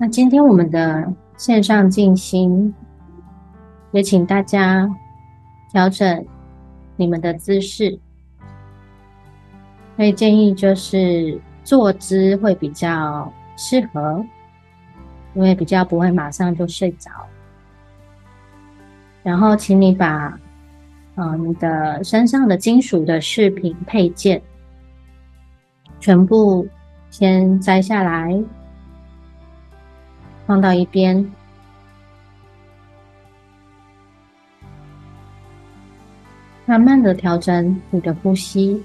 那今天我們的線上靜心，也請大家調整你們的姿勢。所以建議就是坐姿會比較適合，因為比較不會馬上就睡着。然後，請你把嗯、呃、你的身上的金屬的飾品配件全部先摘下來。放到一邊，慢慢的調整你的呼吸。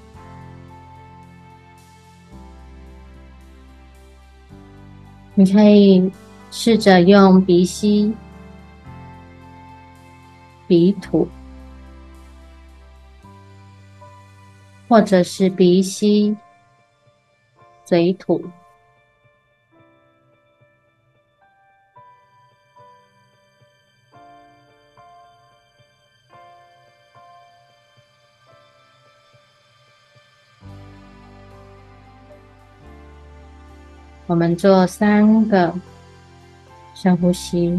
你可以試着用鼻吸、鼻吐，或者是鼻吸、嘴吐。我們做三個深呼吸，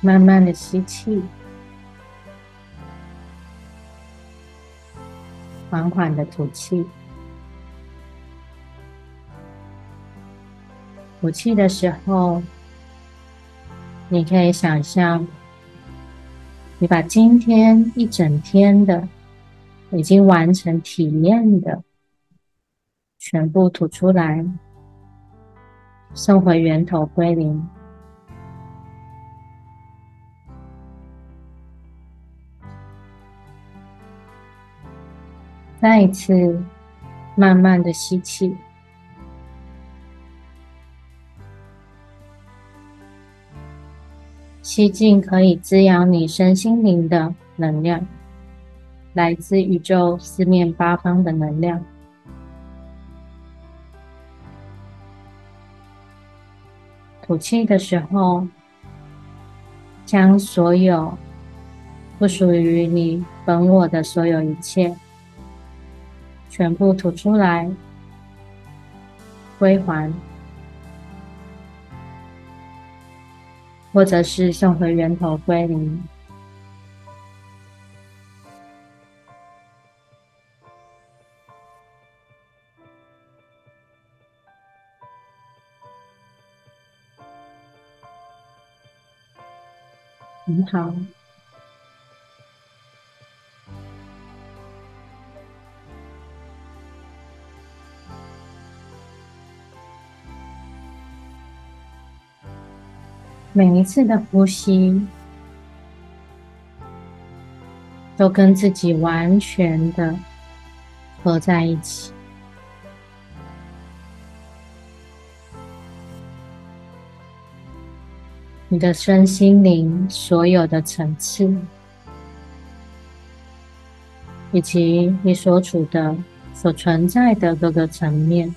慢慢的吸氣，緩緩的吐氣。吐氣的時候，你可以想象。你把今天一整天的已經完成體驗的全部吐出來，送回源頭歸零，再一次慢慢的吸氣。吸氣可以滋養你身心靈的能量，來自宇宙四面八方的能量。吐氣的時候，將所有不屬於你本我的所有一切，全部吐出來，歸還。或者是送回源頭歸零。你好。每一次的呼吸，都跟自己完全的合在一起。你的身心靈所有的層次，以及你所處的、所存在的各個層面。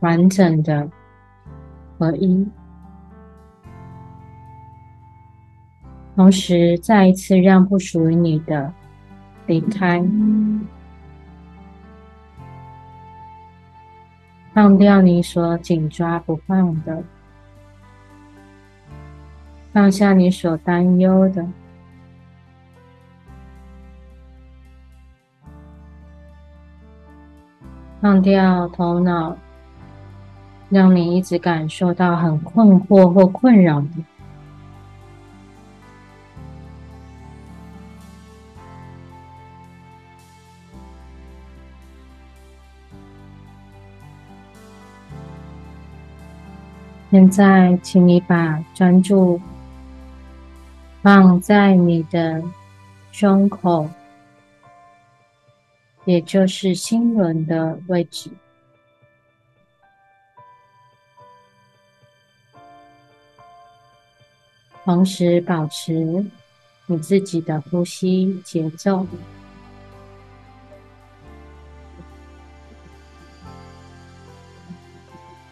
完整的合一，同時再一次讓不屬於你的離開，放掉你所緊抓不放的，放下你所擔憂的，放掉頭腦。讓你一直感受到很困惑或困擾的。現在，請你把專注放在你的胸口，也就是心輪的位置。同時保持你自己的呼吸節奏，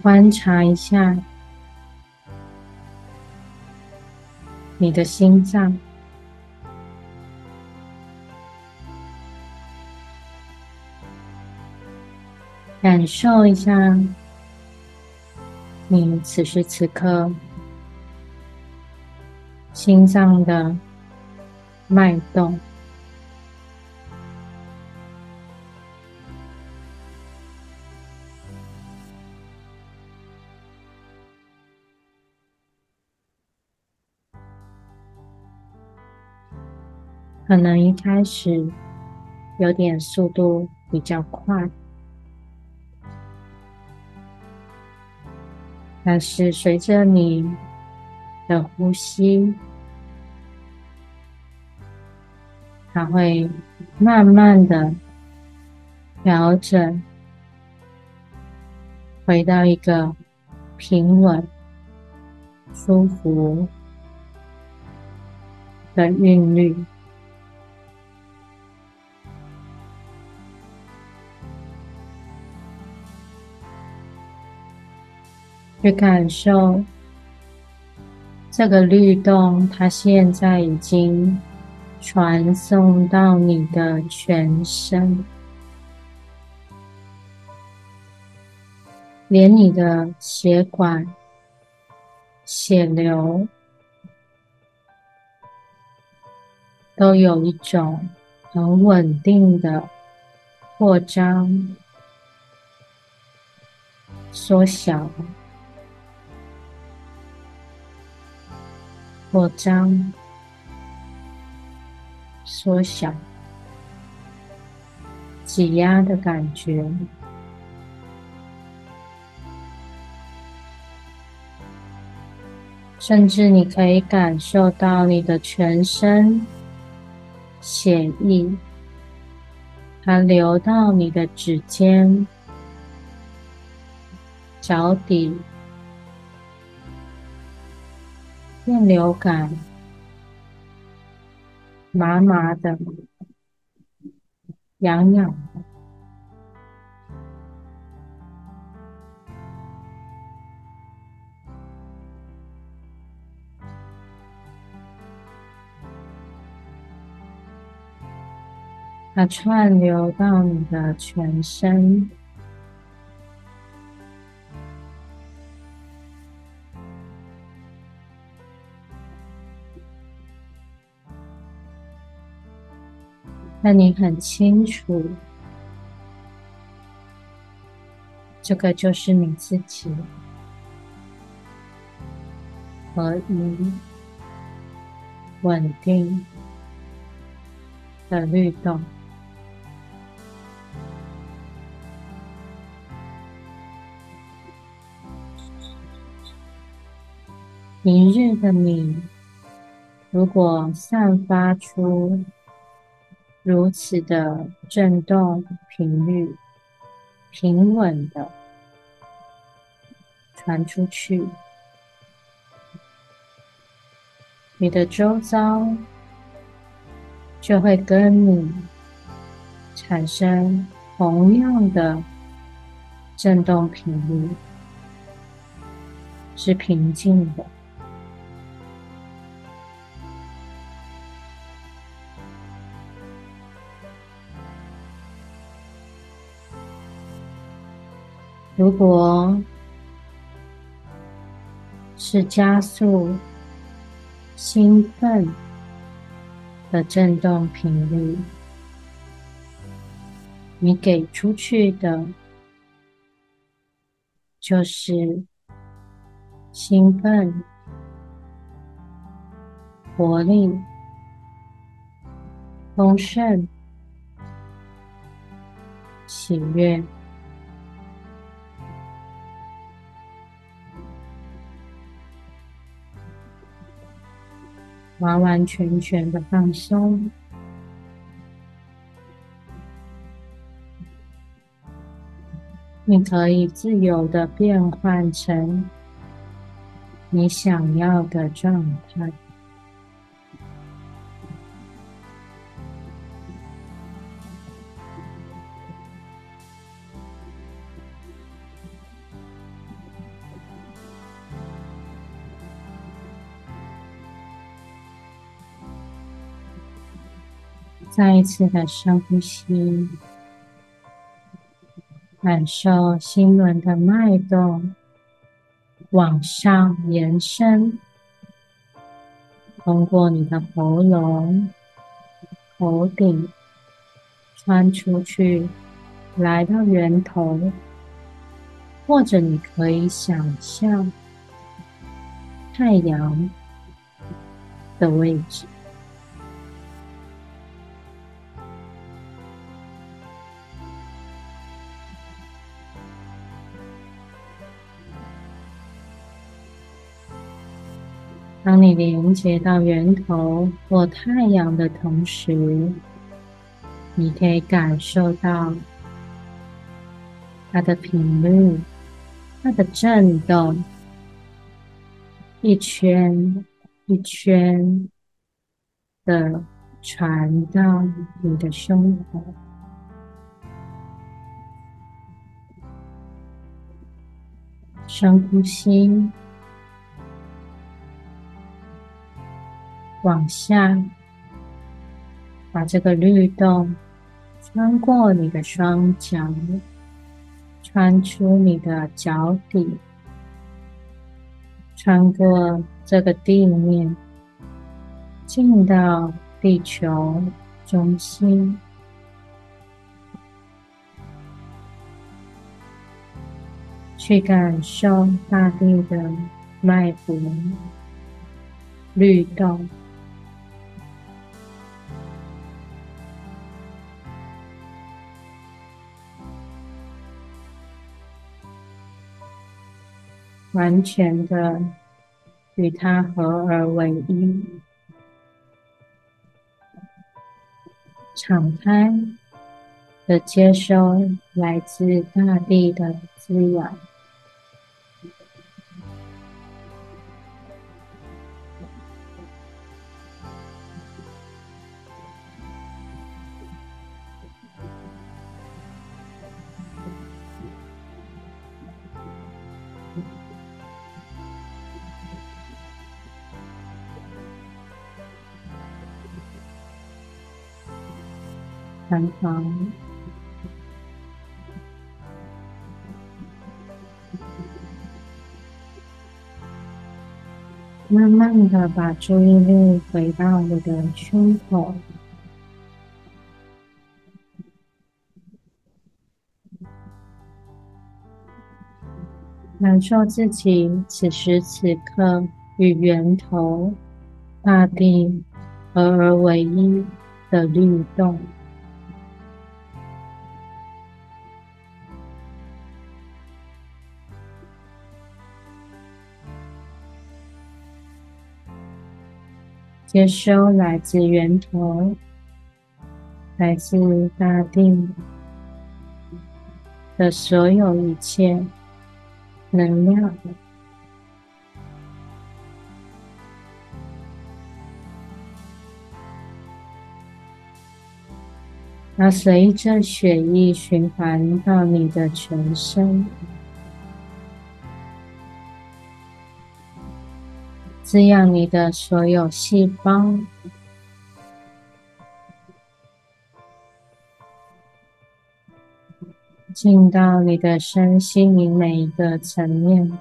觀察一下你的心臟，感受一下你此時此刻。心臟的脈動，可能一開始有點速度比較快，但是隨着你的呼吸。它會慢慢的調整，回到一個平穩、舒服的韻律，去感受這個律動。它現在已經。傳送到你的全身，連你的血管、血流都有一種很穩定的擴張、縮小、擴張。縮小、擠壓的感覺，甚至你可以感受到你的全身血液，還流到你的指尖、腳底，電流感。麻麻的，癢癢的，它串流到你的全身。那你很清楚，這個就是你自己合，合一、穩定的律動。平日的你，如果散發出。如此的振動頻率，平穩的傳出去，你的周遭就會跟你產生同樣的振動頻率，是平靜的。如果是加速、興奮的震動頻率，你給出去的就是興奮、活力、豐盛、喜悅。完完全全的放鬆，你可以自由的變換成你想要的狀態。再一次的深呼吸，感受心輪的脈動往上延伸，通過你的喉嚨、頭頂穿出去，來到源頭，或者你可以想象太陽的位置。當你連接到源頭或太陽的同時，你可以感受到它的頻率、它的震動，一圈一圈的傳到你的胸口。深呼吸。往下，把這個律動穿過你的雙腳，穿出你的腳底，穿過這個地面，進到地球中心，去感受大地的脈搏律動。完全的與它合而為一，敞開的接收來自大地的滋養。慢慢，慢慢的把注意力回到我的胸口，感受自己此時此刻與源頭、大地合而為一的律動。接收來自源頭、來自大地的、的所有一切能量，它隨着血液循環到你的全身。滋養你的所有細胞，進到你的身心裡每一個層面。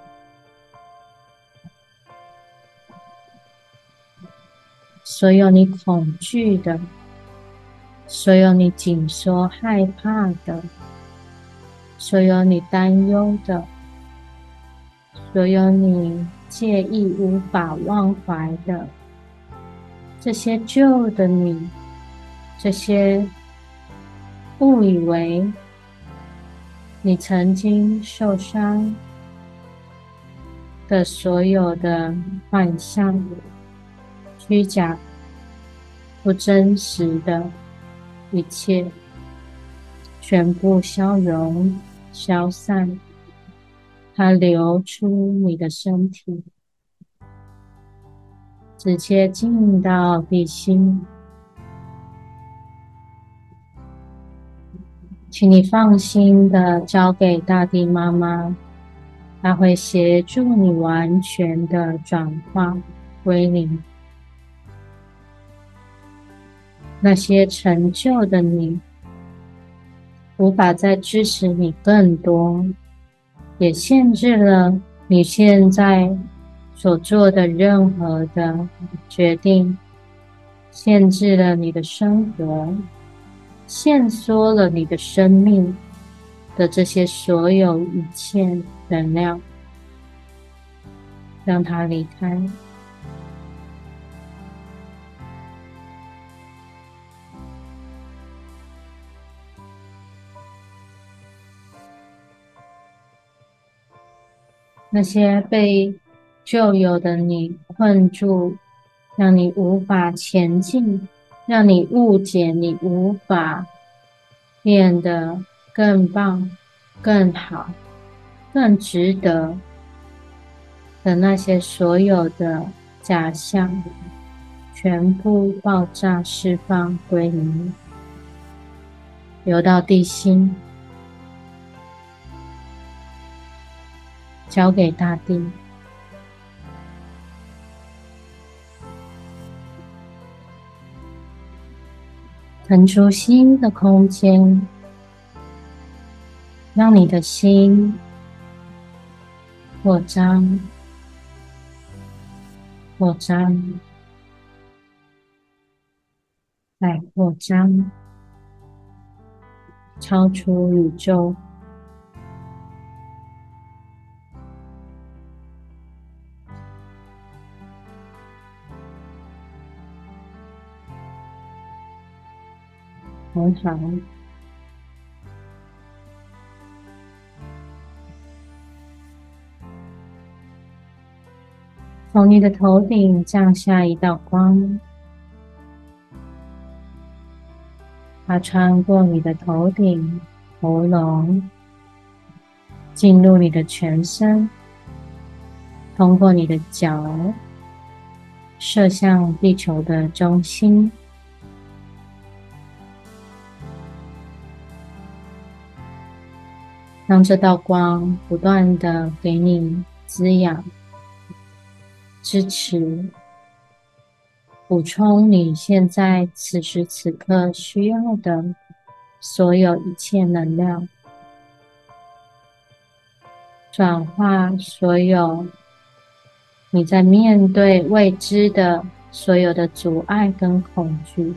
所有你恐懼的，所有你緊縮害怕的，所有你擔憂的，所有你介意無法忘懷的這些舊的你，這些誤以為你曾經受傷的所有的幻象、虛假、不真實的一切，全部消融、消散。它流出你的身體，直接進到地心。請你放心的交給大地媽媽，她會協助你完全的轉化為零。那些成就的你，無法再支持你更多。也限制了你現在所做的任何的決定，限制了你的生活，限縮了你的生命的這些所有一切能量，讓它離開。那些被舊有的你困住，讓你無法前進，讓你誤解，你無法變得更棒、更好、更值得，的那些所有的假象，全部爆炸釋放歸零，流到地心。交給大地，騰出新的空間，讓你的心擴張、擴張、再擴張，超出宇宙。很好。從你的頭頂降下一道光，它穿過你的頭頂、喉嚨，進入你的全身，通過你的腳，射向地球的中心。讓這道光不斷地給你滋養、支持、補充你現在此時此刻需要的所有一切能量，轉化所有你在面對未知的所有的阻礙跟恐懼。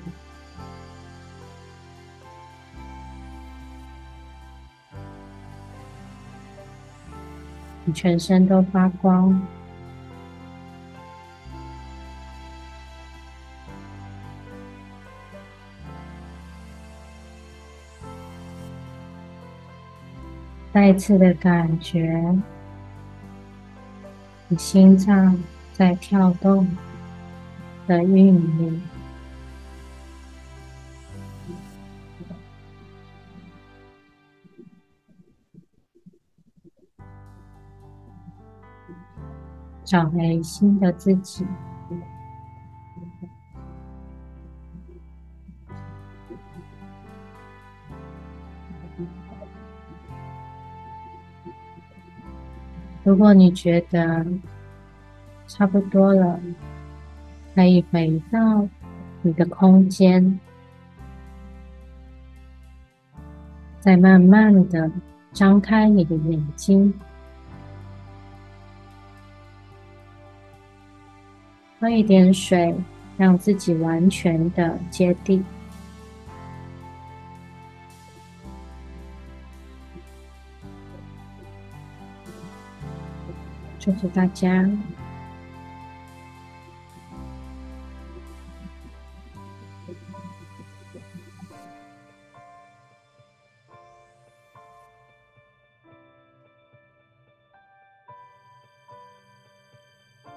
全身都發光，再次的感覺，你心臟在跳動的韻律。找回新的自己。如果你覺得差不多了，可以回到你的空間，再慢慢的張開你的眼睛。喝一點水，讓自己完全的接地。祝福大家。